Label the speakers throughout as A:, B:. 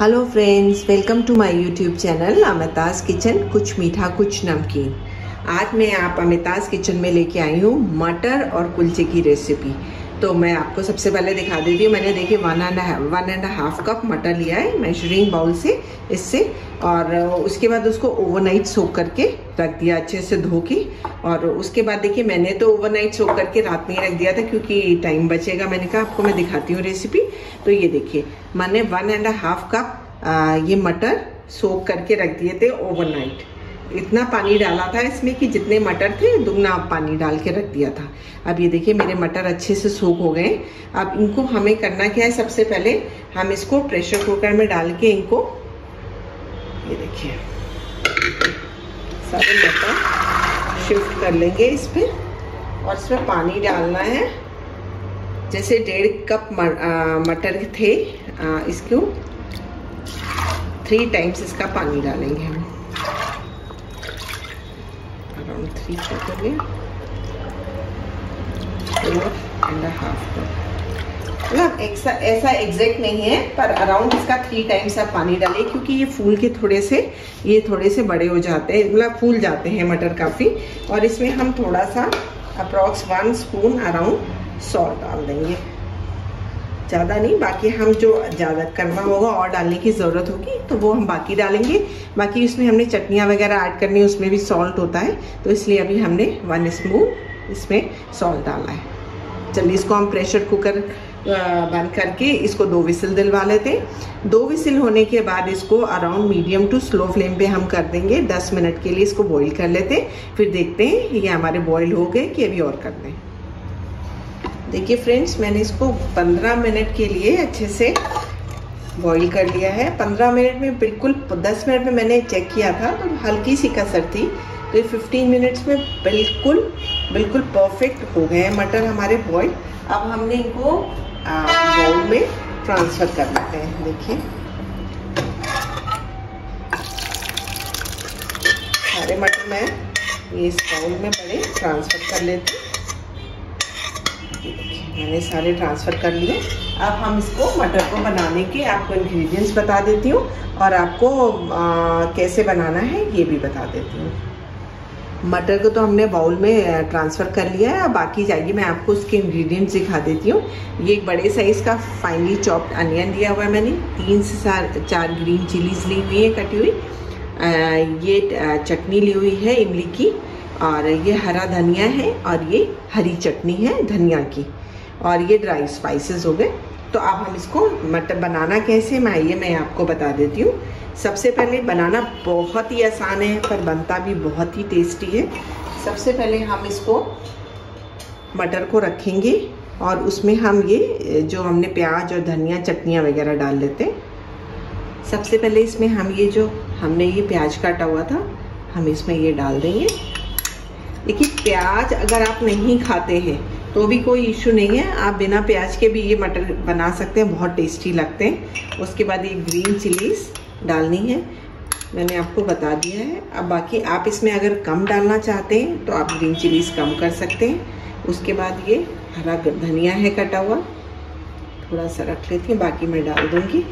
A: hello friends welcome to my YouTube channel Amita's kitchen कुछ मीठा कुछ नमकीन आज मैं आप अमिताज किचन में लेके आई हूँ मटर और कुलचे की रेसिपी तो मैं आपको सबसे पहले दिखा देती हूँ मैंने देखिए one and one and half cup मटर लिया है मेजरिंग बाउल से इससे और उसके बाद उसको ओवरनाइट सोक करके रख दिया अच्छे से धो के और उसके बाद देखिए मैंने तो ओवरनाइट सोक करके रात में ही रख दिया था क्योंकि टाइम बचेगा मैंने कहा आपको मैं दिखाती हूँ रेसिपी तो ये देखिए मैंने वन एंड हाफ कप ये मटर सोक करके रख दिए थे ओवरनाइट इतना पानी डाला था इसमें कि जितने मटर थे दुगना पानी डाल के रख दिया था अब ये देखिए मेरे मटर अच्छे से सूख हो गए अब इनको हमें करना क्या है सबसे पहले हम इसको प्रेशर कुकर में डाल के इनको ये देखिए सारे मटर शिफ्ट कर लेंगे इस पर और इसमें पानी डालना है जैसे डेढ़ कप मटर थे इसको थ्री टाइम्स इसका पानी डालेंगे हम from 3 fourth again and a half cup मतलब ऐसा ऐसा एग्जैक्ट नहीं है पर अराउंड इसका थ्री टाइम्स आप पानी डालिए क्योंकि ये फूल के थोड़े से ये थोड़े से बड़े हो जाते हैं मतलब फूल जाते हैं मटर काफ़ी और इसमें हम थोड़ा सा approx one spoon around salt डाल देंगे ज़्यादा नहीं बाकी हम जो ज़्यादा करना होगा और डालने की ज़रूरत होगी तो वो हम बाकी डालेंगे बाकी इसमें हमने चटनियाँ वगैरह ऐड करनी है उसमें भी सॉल्ट होता है तो इसलिए अभी हमने वन स्पून इसमें सॉल्ट डाला है चलिए इसको हम प्रेशर कुकर बंद करके इसको दो विसिल दिलवा लेते हैं दो विसिल होने के बाद इसको around medium to slow flame पे हम कर देंगे दस मिनट के लिए इसको बॉईल कर लेते हैं फिर देखते हैं ये हमारे बॉईल हो गए कि अभी और कर दें देखिए फ्रेंड्स मैंने इसको 15 मिनट के लिए अच्छे से बॉईल कर लिया है 15 मिनट में बिल्कुल 10 मिनट में मैंने चेक किया था तो हल्की सी कसर थी तो ये 15 मिनट्स में बिल्कुल बिल्कुल परफेक्ट हो गए हैं मटर हमारे बॉईल अब हमने इनको बाउल में ट्रांसफ़र कर लेते हैं देखिए सारे मटर मैं ये इस बाउल में बड़े ट्रांसफ़र कर लेती हूँ मैंने सारे ट्रांसफ़र कर लिए अब हम इसको मटर को बनाने के आपको इंग्रेडिएंट्स बता देती हूँ और आपको आ, कैसे बनाना है ये भी बता देती हूँ मटर को तो हमने बाउल में ट्रांसफ़र कर लिया है अब बाकी जाइए मैं आपको उसके इंग्रेडिएंट्स दिखा देती हूँ ये एक बड़े साइज़ का फाइनली चॉप्ड अनियन लिया हुआ है मैंने तीन से चार चार ग्रीन चिलीज ली हुई है कटी हुई आ, ये चटनी ली हुई है इमली की और ये हरा धनिया है और ये हरी चटनी है धनिया की और ये ड्राई स्पाइसेस हो गए तो अब हम इसको मतलब बनाना कैसे मैं आइए मैं आपको बता देती हूँ सबसे पहले बनाना बहुत ही आसान है पर बनता भी बहुत ही टेस्टी है सबसे पहले हम इसको मटर को रखेंगे और उसमें हम ये जो हमने प्याज और धनिया चटनियाँ वगैरह डाल लेते सबसे पहले इसमें हम ये जो हमने ये प्याज काटा हुआ था हम इसमें ये डाल देंगे देखिए प्याज अगर आप नहीं खाते हैं तो भी कोई इशू नहीं है आप बिना प्याज के भी ये मटर बना सकते हैं बहुत टेस्टी लगते हैं उसके बाद ये ग्रीन चिलीज डालनी है मैंने आपको बता दिया है अब बाकी आप इसमें अगर कम डालना चाहते हैं तो आप ग्रीन चिलीज कम कर सकते हैं उसके बाद ये हरा धनिया है कटा हुआ थोड़ा सा रख लेती हूँ बाकी मैं डाल दूँगी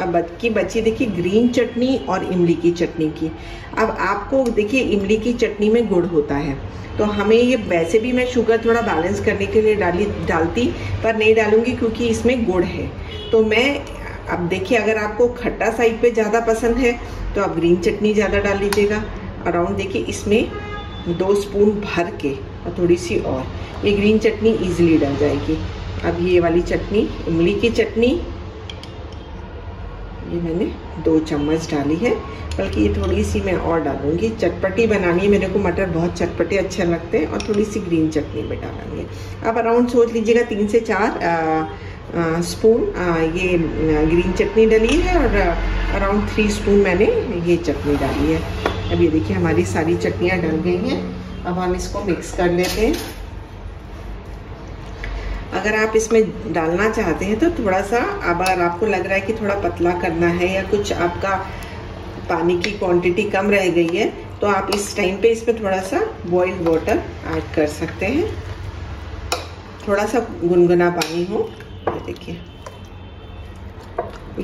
A: अब की बची देखिए ग्रीन चटनी और इमली की चटनी की अब आपको देखिए इमली की चटनी में गुड़ होता है तो हमें ये वैसे भी मैं शुगर थोड़ा बैलेंस करने के लिए डाली डालती पर नहीं डालूंगी क्योंकि इसमें गुड़ है तो मैं अब देखिए अगर आपको खट्टा साइड पे ज़्यादा पसंद है तो आप ग्रीन चटनी ज़्यादा डाल लीजिएगा अराउंड देखिए इसमें दो स्पून भर के और थोड़ी सी और ये ग्रीन चटनी ईजिली डल जाएगी अब ये वाली चटनी इमली की चटनी ये मैंने दो चम्मच डाली है बल्कि ये थोड़ी सी मैं और डालूंगी चटपटी बनानी है मेरे को मटर बहुत चटपटे अच्छे लगते हैं और थोड़ी सी ग्रीन चटनी भी डालानी है आप अराउंड सोच लीजिएगा तीन से चार आ, आ, स्पून आ, ये ग्रीन चटनी डली है और अराउंड थ्री स्पून मैंने ये चटनी डाली है अब ये देखिए हमारी सारी चटनियाँ डल गई हैं अब हम इसको मिक्स कर लेते हैं अगर आप इसमें डालना चाहते हैं तो थोड़ा सा अगर आपको लग रहा है कि थोड़ा पतला करना है या कुछ आपका पानी की क्वांटिटी कम रह गई है तो आप इस टाइम पे इसमें थोड़ा सा बॉइल्ड वाटर ऐड कर सकते हैं थोड़ा सा गुनगुना पानी हो ये देखिए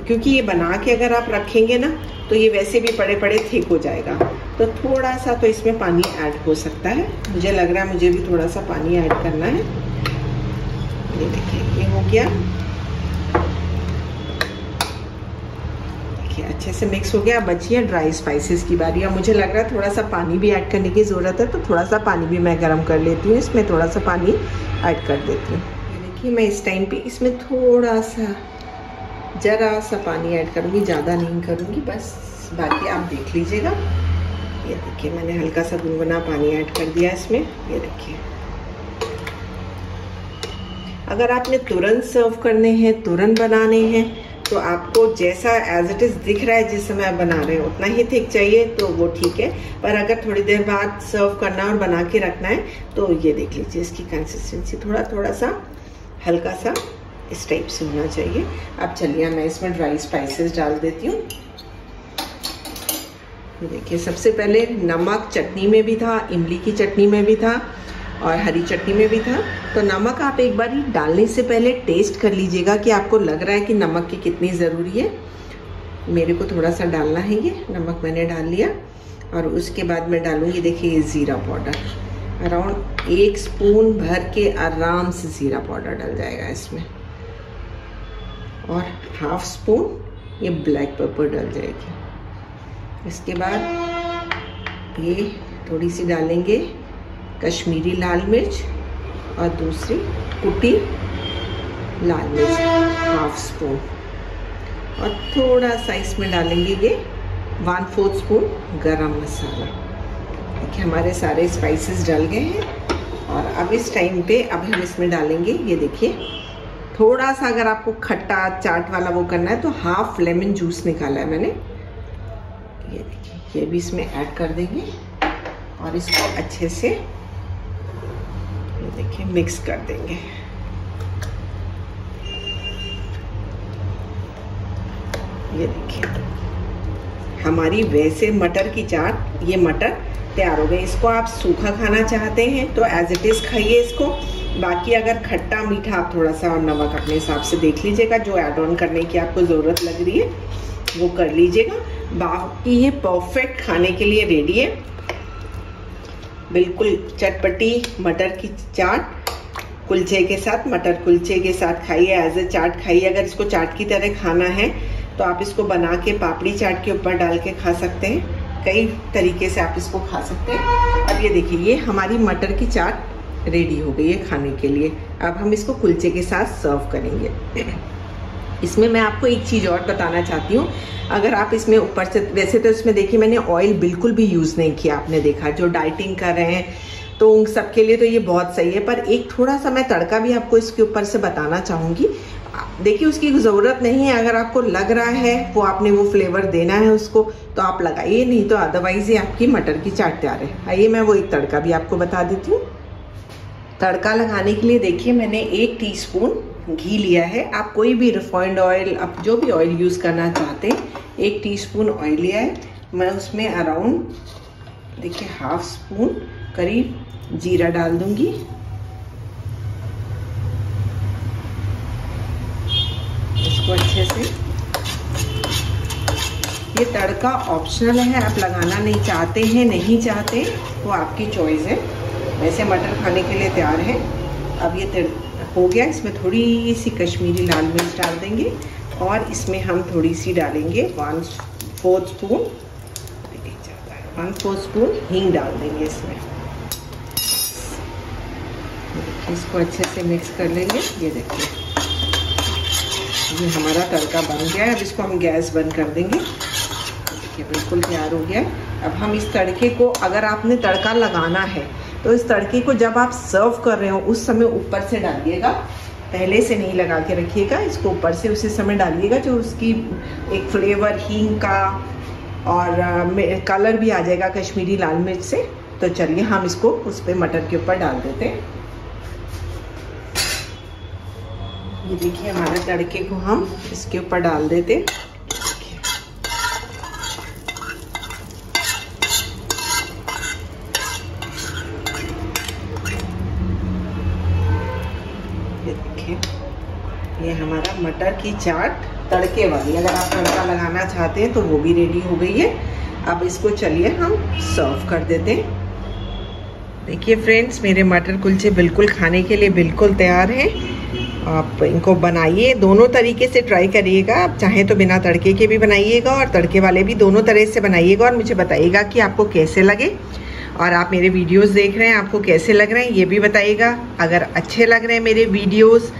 A: क्योंकि ये बना के अगर आप रखेंगे ना तो ये वैसे भी पड़े पड़े थिक हो जाएगा तो थोड़ा सा तो इसमें पानी ऐड हो सकता है मुझे लग रहा है मुझे भी थोड़ा सा पानी ऐड करना है ये देखिए ये हो गया देखिए अच्छे से मिक्स हो गया बची है ड्राई स्पाइसेस की बारी अब मुझे लग रहा है थोड़ा सा पानी भी ऐड करने की ज़रूरत है तो थोड़ा सा पानी भी मैं गर्म कर लेती हूँ इसमें थोड़ा सा पानी ऐड कर देती हूँ देखिए मैं इस टाइम पे इसमें थोड़ा सा ज़रा सा पानी ऐड करूँगी ज़्यादा नहीं करूँगी बस बाकी आप देख लीजिएगा ये देखिए मैंने हल्का सा गुनगुना पानी ऐड कर दिया इसमें ये देखिए अगर आपने तुरंत सर्व करने हैं तुरंत बनाने हैं तो आपको जैसा एज इट इज़ दिख रहा है जिस समय आप बना रहे हो उतना ही थिक चाहिए तो वो ठीक है पर अगर थोड़ी देर बाद सर्व करना और बना के रखना है तो ये देख लीजिए इसकी कंसिस्टेंसी थोड़ा थोड़ा सा हल्का सा इस टाइप से होना चाहिए अब चलिए मैं इसमें ड्राई स्पाइसेस डाल देती हूँ देखिए सबसे पहले नमक चटनी में भी था इमली की चटनी में भी था और हरी चटनी में भी था तो नमक आप एक बार ही डालने से पहले टेस्ट कर लीजिएगा कि आपको लग रहा है कि नमक की कितनी ज़रूरी है मेरे को थोड़ा सा डालना है ये नमक मैंने डाल लिया और उसके बाद मैं डालूँगी देखिए ये ज़ीरा पाउडर अराउंड एक स्पून भर के आराम से ज़ीरा पाउडर डल जाएगा इसमें और हाफ स्पून ये ब्लैक पेपर डल जाएगी इसके बाद ये थोड़ी सी डालेंगे कश्मीरी लाल मिर्च और दूसरी कुटी लाल मिर्च हाफ स्पून और थोड़ा सा इसमें डालेंगे ये वन फोर्थ स्पून गरम मसाला देखिए हमारे सारे स्पाइसेस डल गए हैं और अब इस टाइम पे अब हम इसमें डालेंगे ये देखिए थोड़ा सा अगर आपको खट्टा चाट वाला वो करना है तो हाफ लेमन जूस निकाला है मैंने ये देखिए ये भी इसमें ऐड कर देंगे और इसको अच्छे से ये देखिए मिक्स कर देंगे ये देखिए हमारी वैसे मटर की चाट ये मटर तैयार हो गई इसको आप सूखा खाना चाहते हैं तो एज इट इज़ खाइए इसको बाकी अगर खट्टा मीठा आप थोड़ा सा और नमक अपने हिसाब से देख लीजिएगा जो एड ऑन करने की आपको ज़रूरत लग रही है वो कर लीजिएगा बाकी ये परफेक्ट खाने के लिए रेडी है बिल्कुल चटपटी मटर की चाट कुलचे के साथ मटर कुलचे के साथ खाइए एज ए चाट खाइए अगर इसको चाट की तरह खाना है तो आप इसको बना के पापड़ी चाट के ऊपर डाल के खा सकते हैं कई तरीके से आप इसको खा सकते हैं अब ये देखिए ये हमारी मटर की चाट रेडी हो गई है खाने के लिए अब हम इसको कुलचे के साथ सर्व करेंगे इसमें मैं आपको एक चीज़ और बताना चाहती हूँ अगर आप इसमें ऊपर से वैसे तो इसमें देखिए मैंने ऑयल बिल्कुल भी यूज़ नहीं किया आपने देखा जो डाइटिंग कर रहे हैं तो उन सबके लिए तो ये बहुत सही है पर एक थोड़ा सा मैं तड़का भी आपको इसके ऊपर से बताना चाहूँगी देखिए उसकी ज़रूरत नहीं है अगर आपको लग रहा है वो आपने वो फ्लेवर देना है उसको तो आप लगाइए नहीं तो अदरवाइज़ ही आपकी मटर की चाट तैयार है आइए मैं वो एक तड़का भी आपको बता देती हूँ तड़का लगाने के लिए देखिए मैंने एक टीस्पून घी लिया है आप कोई भी रिफाइंड ऑयल आप जो भी ऑयल यूज़ करना चाहते हैं एक टीस्पून ऑयल लिया है मैं उसमें अराउंड देखिए हाफ स्पून करीब जीरा डाल दूंगी इसको अच्छे से ये तड़का ऑप्शनल है आप लगाना नहीं चाहते हैं नहीं चाहते वो आपकी चॉइस है वैसे मटर खाने के लिए तैयार है अब ये हो गया इसमें थोड़ी सी कश्मीरी लाल मिर्च डाल देंगे और इसमें हम थोड़ी सी डालेंगे one fourth spoon one fourth spoon हींग डाल देंगे इसमें इसको अच्छे से मिक्स कर लेंगे ये देखिए ये हमारा तड़का बन गया है अब इसको हम गैस बंद कर देंगे देखिए बिल्कुल तैयार हो गया है अब हम इस तड़के को अगर आपने तड़का लगाना है तो इस तड़के को जब आप सर्व कर रहे हो उस समय ऊपर से डालिएगा पहले से नहीं लगा के रखिएगा इसको ऊपर से उसी समय डालिएगा जो उसकी एक फ्लेवर हींग का और कलर भी आ जाएगा कश्मीरी लाल मिर्च से तो चलिए हम इसको उस पर मटर के ऊपर डाल देते हैं ये देखिए हमारे तड़के को हम इसके ऊपर डाल देते हैं ये हमारा मटर की चाट तड़के वाली अगर आप तड़का लगाना चाहते हैं तो वो भी रेडी हो गई है अब इसको चलिए हम सर्व कर देते हैं देखिए फ्रेंड्स मेरे मटर कुलचे बिल्कुल खाने के लिए बिल्कुल तैयार हैं आप इनको बनाइए दोनों तरीके से ट्राई करिएगा आप चाहें तो बिना तड़के के भी बनाइएगा और तड़के वाले भी दोनों तरह से बनाइएगा और मुझे बताइएगा कि आपको कैसे लगे और आप मेरे वीडियोस देख रहे हैं आपको कैसे लग रहे हैं ये भी बताइएगा अगर अच्छे लग रहे हैं मेरे वीडियोस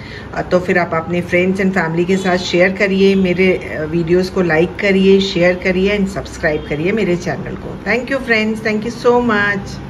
A: तो फिर आप अपने फ्रेंड्स एंड फैमिली के साथ शेयर करिए मेरे वीडियोस को लाइक करिए शेयर करिए एंड सब्सक्राइब करिए मेरे चैनल को thank you friends thank you so much